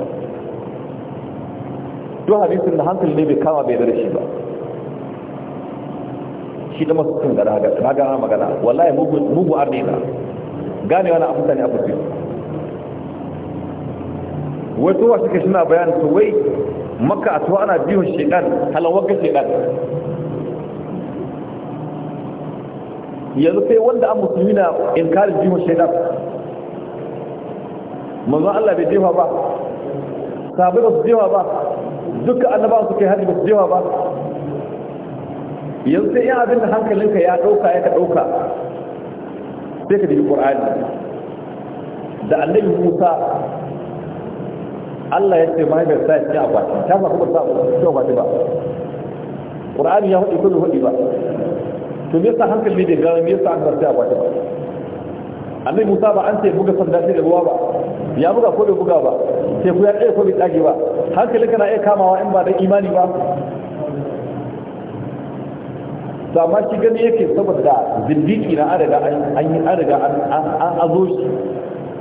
to hadisin da hankali ne bai kama bai da shi ba shi da masu sun gara haka magana wallahi mugu arnina gane wani abu ta ne abu sai wai tuwa suke suna bayani su wai maka a to ana biyun shekan halawaka shedan yanzu sai wanda an musulmi na inkarin biyun shaidar. manzo Allah bai jefa ba sahabbai ba su jefa ba dukkan annabawa su kai haji ba su jefa ba yanzu sai yin abin da hankalinka ya ɗauka ya ka ɗauka sai ka dubi ƙur'ani da annabi musa allah ya ce mahaifar sa ya ce akwatin ta sa kuma sa ce akwatin ba ƙur'ani ya hudu kudu hudu ba to me yasa hankali bai gano me yasa an zarce akwatin ba annabi musa ba an ce buga sanda sai da ruwa ba ya buga ko bai buga ba sai ku ya tsaye ko bai tsage ba hankali kana iya kamawa in ba da imani ba dama shi gani yake saboda zindiki na an riga an yi an riga an azo shi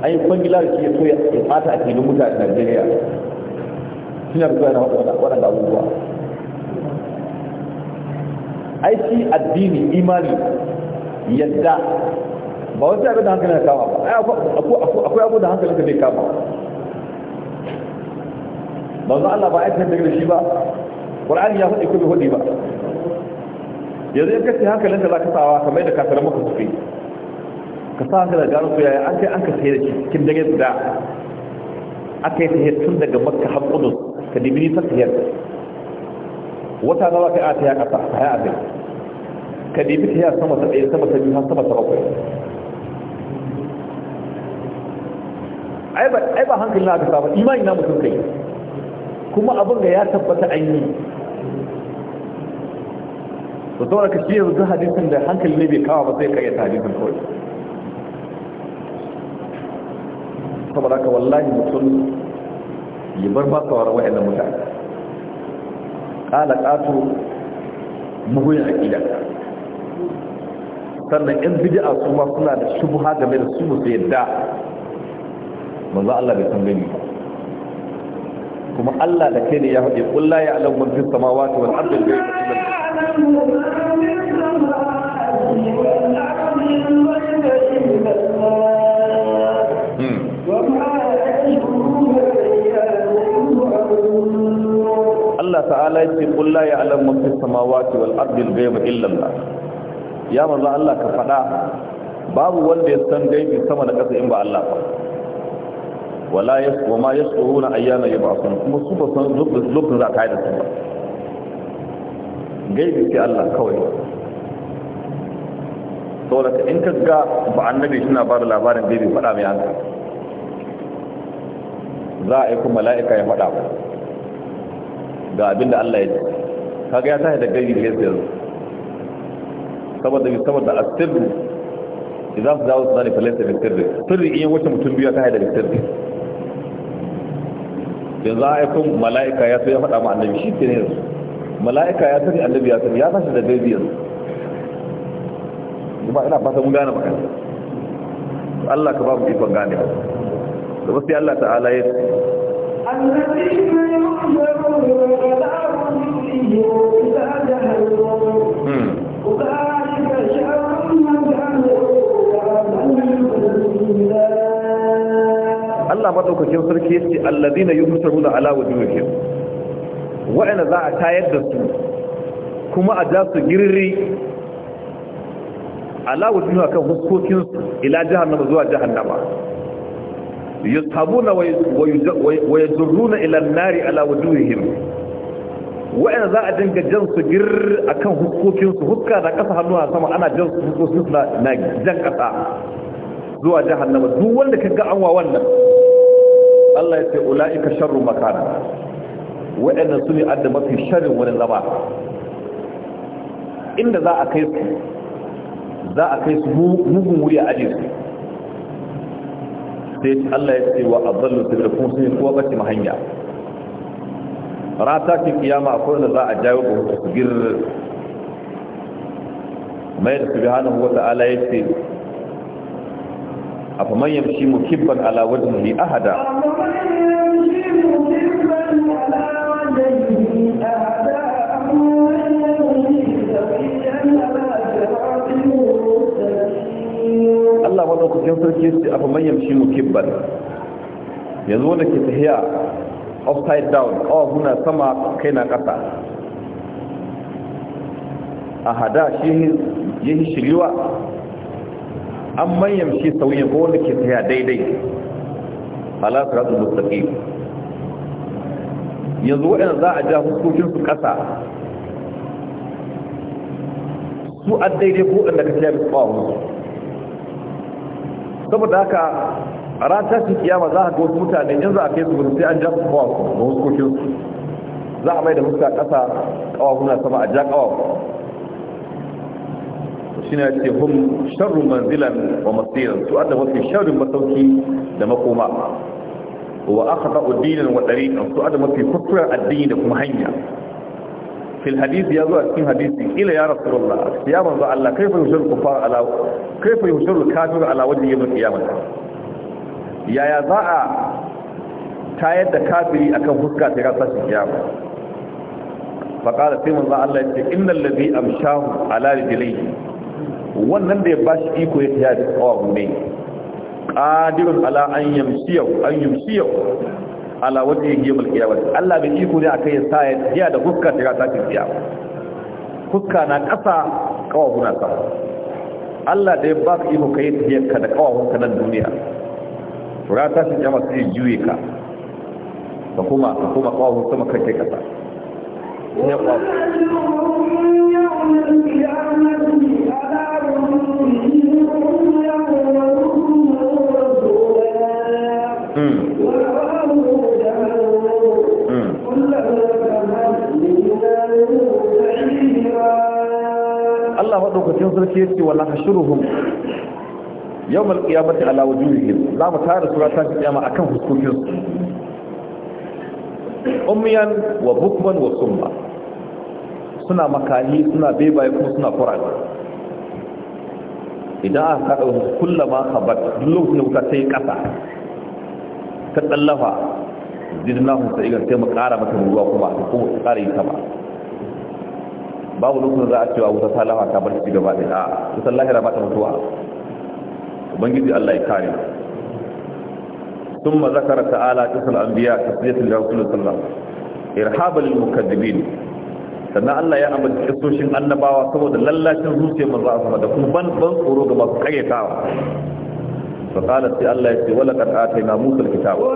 an yi kwangila da shi ya so ya fata a filin mutane najeriya shi da zuwa na waɗanda abubuwa aiki addini imani yadda ba wasu abin da hankali na kama ba akwai abu da hankali ka bai kama ba zan Allah ba a yi da shi ba ƙwar'ani ya faɗi ko bai ba yanzu ya kashe hankalin da za ka sawa kamar yadda kasar maka suke ka sa hankalin gano su yaya an kai an ka sai da cikin dare guda aka yi tahiyar tun daga makka har ka ka dimini ta tahiyar wata nawa kai a ta ya kasa a ya abin ka ta tahiyar sama ta ɗaya sama ta biyu har sama ta bakwai ai ba hankali na aka saba imani na mutum kai kuma abin da ya tabbata an yi to saboda ka shi yanzu hadisin da hankali ne bai kawo ba sai kai ta hadisin kawai saboda ka wallahi mutum ya bar ba sauraron wa'annan mutane kala kato mugun aƙida sannan yan bid'a su ma suna da shubha game da su musu yadda manzo Allah bai san gani kuma Allah da kai ne ya faɗi qul ya ya'lamu man fis samawati wal ardi al ghaiba hmm. Allah ta'ala ya ce qul la ya'lamu man fis samawati wal ardi al ghaiba illa Allah ya manzo Allah ka faɗa babu wanda ya san gaibi sama da ƙasa in ba Allah ba wala ya wa ma ya yasuruna ayyana yub'athun kuma su ba san lokacin za ka yi da su ba gaibi sai Allah kawai saboda in ka ga ba annabi na ba da labarin gaibi faɗa mai an za a yi kuma mala'ika ya faɗa ga abinda Allah ya ji. Ka kaga ya tashi da gaibi ne sai saboda bi saboda asirru idan su dawo su zane falaisa da sirri sirri iya wuce mutum biyu ya tashi da sirri yanzu a aikun mala'ika ya ya faɗa ma annabi shi ke ne yanzu mala'ika ya sani annabi ya sani ya tashi da gaibi yanzu ba ina fata mun gane magana Allah ka ba mu ikon gane ba da wasu Allah ta'ala ya hmm. Allah maɗaukakin sarki alladina yusaruna ala wujuhihim wa'ana za a tayar da su kuma a da su girri ala wujuhihim kan huskokin ila jahannama zuwa jahannama yusabuna wa yajruna ila an-nari ala wujuhihim wa'ana za a dinga jan su girri akan huskokin su hukka na kasa hannuwa sama ana jan su huskokin su na jan kasa zuwa jahannama duk wanda kaga an wa wannan Allah ya ce ula'ika sharru makana waɗannan su ne adda mafi sharrin wani zama inda za a kai su za a kai su mugun wuri a ajiye su sai Allah ya ce wa azallu sabila kuma su ne kowa bace mahanya rata ce kiyama akwai da za a jawo ga hutu su mai da su subhanahu wata Ala ya ce afa man yamshi mukibban ala wajhihi ahada Allah ku madaukakin sarki sai afa man yamshi mukibban yanzu wanda ke tahiya upside down ƙawahuna sama kai na ƙasa ahada shi yi shiriwa an manyan shi sauyin ko wanda ke tsaya daidai ala siratul mustaqim yanzu waɗanda za a ja hukuncin su ƙasa su a daidai ko wanda ka tsaya bisa ƙwawo saboda haka a ran shi kiyama za a ga wasu mutane in za a kai su gudu sai an ja su ƙwawo da hukuncin su za a mai da a ƙasa ƙawa suna sama a ja ƙawa shine ce hum sharru manzilan wa masiran su adda mafi sharrun masauki da makoma wa akhda'u dinan wa tariqan su adda mafi kuskuren addini da kuma hanya fil hadisi ya zo a cikin hadisi ila ya rasu rasulullah ya manzo Allah Kai kaifa yushru kufar ala kaifa yushru kafir ala wajhi yawm al-qiyamah yaya za a tayar da kafiri akan fuska ta rasa shi kiyama faqala sai manzo Allah ya ce innal ladhi amshahu ala rijlihi wannan da ya ba shi iko ya tiya da tsawon ne ƙadirun ala an yamsiyau an ala wata ya giyar malkiyawar allah mai iko ne a kai sa ya tiya da fuska ta rata ta tiya fuska na ƙasa ƙawahu na sa allah da ya ba ka iko kai tiya ka da ƙawahun ka nan duniya rata shi su yi juye ka ka kuma ka kuma ƙawahun sama kake ƙasa madaukakin sarki ya ce wala hashuruhum yau mal ala wujuhihim za mu tare su ta kiyama akan hukumin su ummiyan wa bukman wa summa suna makahi suna bebaye kuma suna kurani idan aka kada kullama khabat duk lokacin da wuta ta yi kasa ta tsallafa jirnahu sai ga sai mu kara mata ruwa kuma ko tsara ta ba babu lokacin za a cewa wuta ta lama ta bar shi gaba da a wutar lahira ba ta mutuwa ubangiji Allah ya kare ثم ذكر تعالى قصة الأنبياء تصلية الله صلى الله عليه وسلم irhaba lil mukaddibin sannan Allah ya ambata kisoshin annabawa saboda lallacin zuciyar manzo Allah da kuma ban ban tsoro ga masu kayyatawa fa qala sai Allah ya ce wala qad atayna Musa al-kitaba wa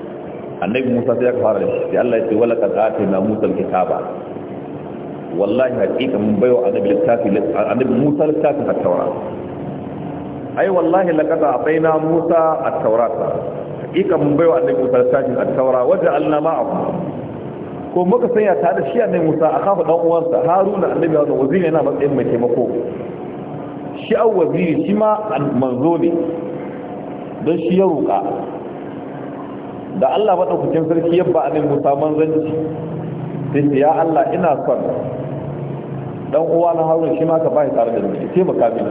annabi musa sai ya fara da shi Allah ya ce wala kad atina musa alkitaba wallahi haqiqa mun bayo annabi littafi annabi musa littafin at-taura ai wallahi laqad ataina musa at-taurata haqiqa mun bayo annabi musa littafin at-taura waja'alna ma'ahu ko muka sanya ta da shi annabi musa a kafa dan uwansa haruna annabi wa waziri yana matsayin mai taimako shi an waziri shi ma manzo ne don shi ya roƙa da Allah maɗaukakin sarki ba annabi musamman manzanci sai ya Allah ina son dan uwa na Harun shi ma ka bai tare da ni sai maka bi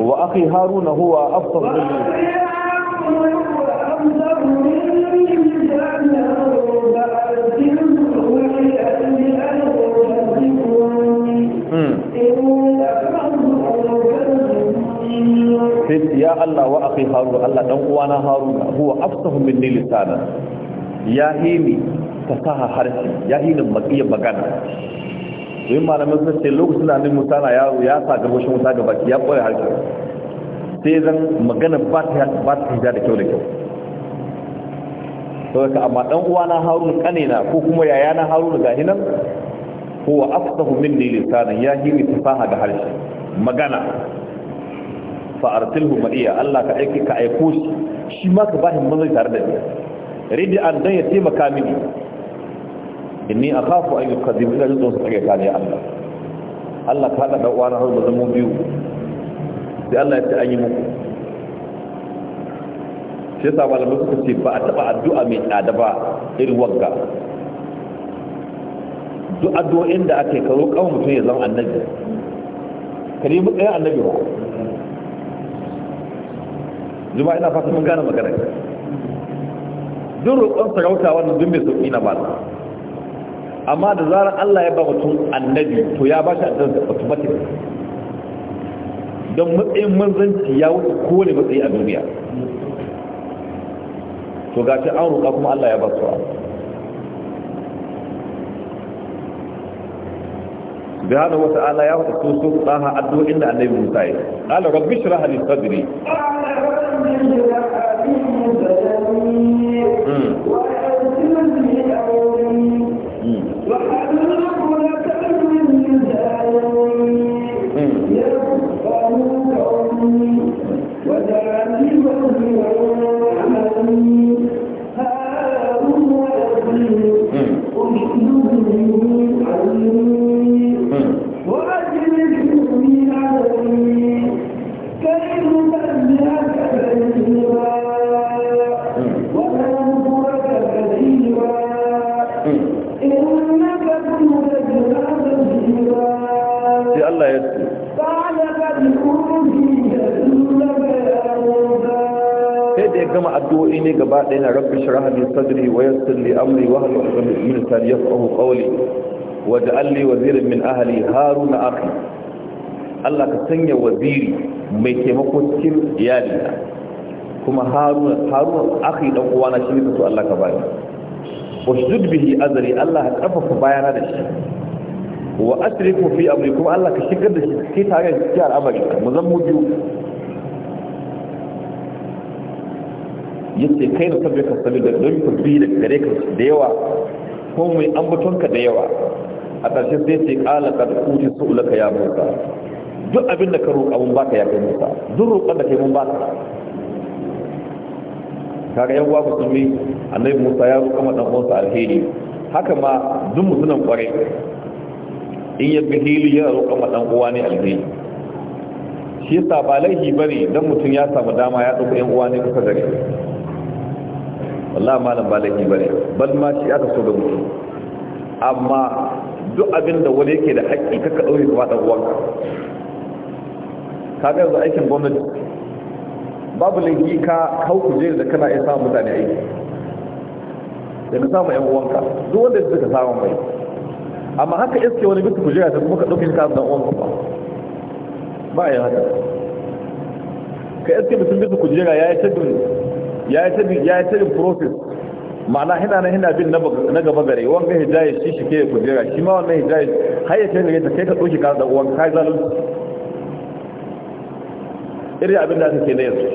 wa akhi Harun huwa afdal minni ya Allah wa akhi harun Allah dan uwana harun huwa afsahu min lisana ya hini fasaha harshe ya hini matsiyar magana domin malamin sun ce lokacin da annabi musa ya ya sa gabashin wuta ga baki ya koya harshe sai zan magana ba ta ba ta hija da kyau da kyau ka amma dan uwana harun na ko kuma yayana harun ga hinan huwa afsahu min lisana ya hini fasaha da harshe magana fa arsilhu Allah ka aiki ka aiko shi shi ma ka bahin manzo tare da ni ridi an dan ya taimaka mini inni akhafu an yukadibu ila jinsu su kage kare Allah Allah ka da dan uwana har mu biyu sai Allah ya ce an yi muku shi yasa malamai suka ce ba a taɓa addu'a mai tsada ba irin wagga duk addu'o'in da ake karo kawo mutum ya zama annabi ka nemi tsayin annabi ba Juma'a ina fata mun gane magana duk roƙon sarauta wannan dun mai sauƙi na ba amma da zarar Allah ya ba mutum annabi to ya ba shi annabi automatic don matsayin manzanci ya wuce kowane matsayi a duniya to ga an roƙa kuma Allah ya ba su سبحانه وتعالى يا وتسوس طه أدو إن النبي موسى قال رب اشرح لي صدري من ويسر لي أمري وهل وحكم من لساني يفقه قولي واجعل لي وزيرا من أهلي هارون أخي الله كسنيا وزيري mai taimako cikin iyali kuma haruna haruna akhi dan uwana shi ne to Allah ka bani wasjud bihi azri Allah ka kafafa bayana da shi wa asrifu fi amri kuma Allah ka shigar da shi cikin tare da cikin al'amari mu zan mu biyu yace kai da sabbi ka sabbi da don ku bi da gare ka da yawa ko mai ambaton ka da yawa a ƙarshe sai ce qala qad uti su'laka ya Musa duk abin da ka roƙa mun baka ya kai Musa duk roƙon da kai mun baka kaga yan uwa musulmi annabi Musa ya roƙa madan uwansa alheri haka ma duk musulman kware in ya bi hili ya roƙa madan uwa ne alheri shi yasa ba laifi bane dan mutum ya samu dama ya dauko yan uwa ne kusa gare wallah malam balaki laifi bane bal ma shi aka so ga mutum amma duk abin da wani yake da haƙƙi kaka ɗauke kuma ɗan uwanka ka ga yanzu aikin gwamnati babu laifi ka hau kujerar da kana iya samun mutane aiki da ka samu yan uwanka duk wanda suka samu mai amma haka iske wani bisa kujera ta kuma ka ɗauke ka ɗan uwanka ba ba a yi haka ka iske mutum bisa kujera ya yi ta ya yi tabin ya yi tabin process ma'ana hina na hina bin na gaba gare ga hijaya shi shi ke kujera shi ma wani hijaya har ya kai gare ta kai ka doki ka da uwan kai zalun irin abin da aka ke na yanzu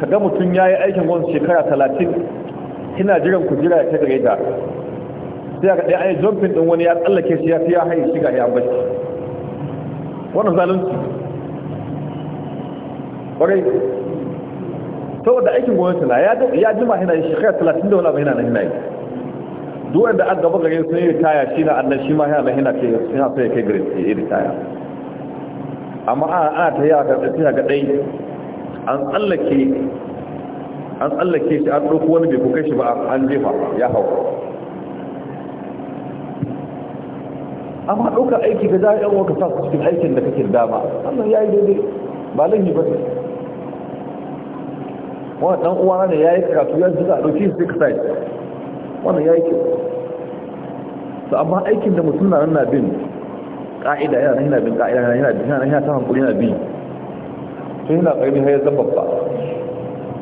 Ka ga mutum ya yi aikin wani shekara talatin ina jiran kujera ya kai gare ta sai ga ɗaya ayi jumping ɗin wani ya tsallake shi ya fiya haini shiga ya bashi wannan zalunci ta wadda aikin gwamnati na ya jima hina yi shekara talatin da wani abu hina na hina yi duwar da an gaba gare sun yi ritaya shi na annan shi ma hina na hina ke suna so ya kai gare su yi ritaya amma ana ta yi a karɓar ga ɗai an tsallake an tsallake shi an ɗauko wani bai kuka shi ba an jefa ya hau amma ɗaukar aiki ga za a yi ɗan waka sa su cikin aikin da kake dama wannan ya yi daidai ba lanyi ba wannan dan uwa ne yayi karatu ya zuwa dauki six ka sai wannan yayi kyau to amma aikin da mutum na nan bin ka'ida yana nan bin ka'ida yana bin yana ta hankuri yana bin tun yana karbi har ya zama babba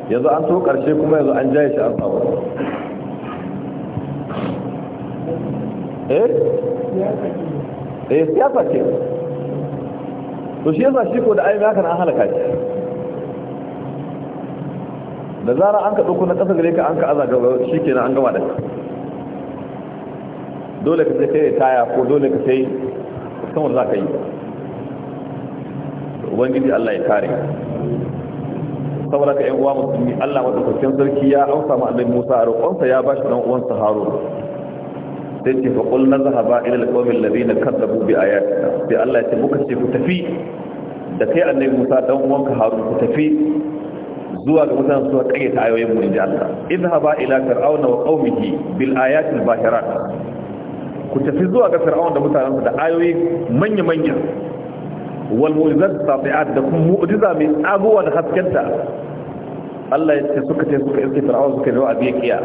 yanzu an to karshe kuma yanzu an jaye shi an samu eh eh siyasa ce to shi yasa shi ko da ayyuka na an halaka shi da zara an ka ɗauko na ƙasa gare ka an ka aza gaba shi kenan an gama da ka dole ka sai kai taya ko dole ka sai wanda za ka yi ubangiji allah ya kare saboda ka yan uwa musulmi allah matsaukakin sarki ya ausa ma annabi musa a roƙonsa ya bashi ɗan uwansa harun sai ce fa qul nazhaba ila alqawmi alladhina kadzabu bi ayatina sai allah ya ce muka ce ku tafi da kai annabi musa dan uwanka harun ku tafi zuwa ga mutanen suka kayyata ayoyin mu inji Allah idhaba ila fir'auna wa qaumihi bil ayati al bashirat ku tafi zuwa ga fir'auna da mutanen da ayoyi manya manya wal mu'jizat tabi'at da kuma mu'jiza mai abuwa da haskenta Allah ya ce suka ce suka iske fir'auna suka yi wa'azi kiya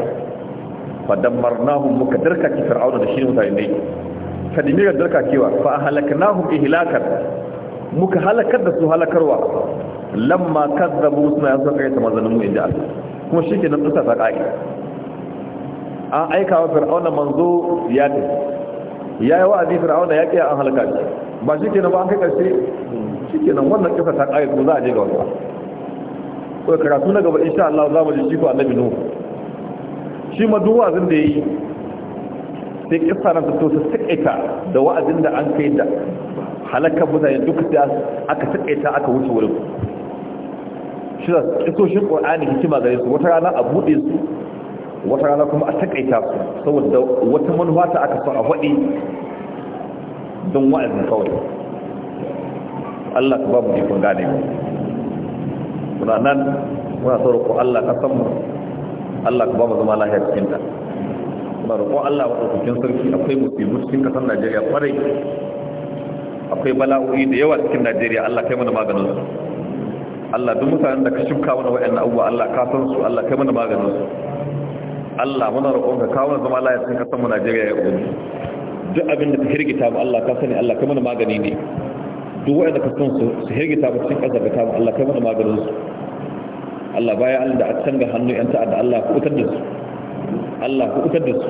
fa dammarnahum muka darka ki fir'auna da shi mutane ne kadimi ga darka kewa fa ahlaknahum ihlakan muka halakar da su halakarwa lamma kazzabu suna yasa kai ta mazanin mu inda Allah kuma shikenan suka saka ai an aika wa fir'auna manzo ya ta yayi wa'azi fir'auna ya kiya an halaka shi ba shikenan ba an kai karshe shikenan wannan kisa ta kai kuma za a je ga wannan ko karatu na gaba insha Allah za mu ji shi ko annabi nu. shi ma duwa zin da yi sai kisa na to ta takaita da wa'azin da an kai da halakar mutane duk da aka takaita aka wuce wurin shi da kisoshin ƙwar'ani hikima gare su wata rana a buɗe su wata rana kuma a takaita su saboda wata manuwa ta aka so a faɗi don wa'azin kawai Allah ka ba mu ikon gane mu muna nan muna sa ko Allah ka san mu Allah ka ba mu zama lahiyar cikin ta muna roƙo Allah wa ɗaukakin sarki akwai musibu cikin ƙasar Najeriya kwarai akwai bala'o'i da yawa cikin Najeriya Allah kai mana maganin su Allah duk mutanen da ka shuka mana wa'annan abubuwa Allah ka san su Allah kai mana maganin su Allah muna roƙon ka kawo zama Allah ya san kasan mu Najeriya ya ubangi duk abin da ka hirgita mu Allah ka sani Allah kai mana magani ne duk wa'anda ka san su su hirgita mu cikin ƙasar ta mu Allah kai mana maganin su Allah baya Allah da a canza hannu yan ta'adda Allah ku utar da su Allah ku utar da su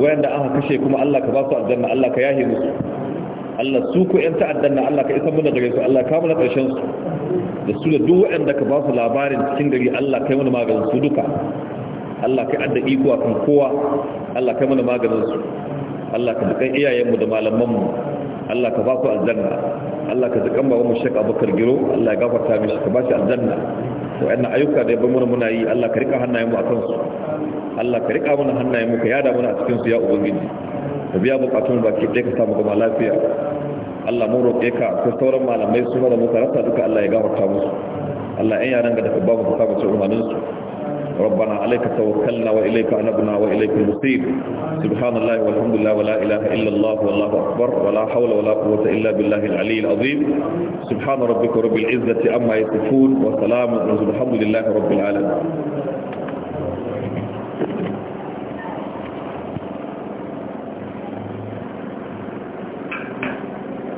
wayanda aka kashe kuma Allah ka ba su aljanna Allah ka yahe musu Allah su ko yan ta'addan na Allah ka isa mana gare su Allah ka mana karshen su da su da duk waɗanda ka ba su labarin cikin gari Allah kai mana maganin su duka Allah kai adda iko kan kowa Allah kai mana maganin su Allah ka dukan iyayenmu da malamanmu Allah ka ba ku aljanna Allah ka dukan babu mu Sheikh Abubakar Giro Allah ya gafarta mishi ka ba shi aljanna wa'annan ayyuka da ya bamu muna yi Allah ka rika hannayenmu a su Allah ka rika mana hannayenmu ka yada mana a cikin su ya ubangiji ka biya bukatun baki ɗaya ka samu gama lafiya Allah mun roƙe ka ko sauran malamai su da muka rasa duka Allah ya gafarta musu Allah ɗan yaran ga da ba mu saba ce umarnin su ربنا عليك توكلنا وإليك أنبنا وإليك المصير سبحان الله والحمد لله ولا إله إلا الله والله أكبر ولا حول ولا قوة إلا بالله العلي العظيم سبحان ربك رب العزة أما يصفون وسلام الحمد لله رب العالمين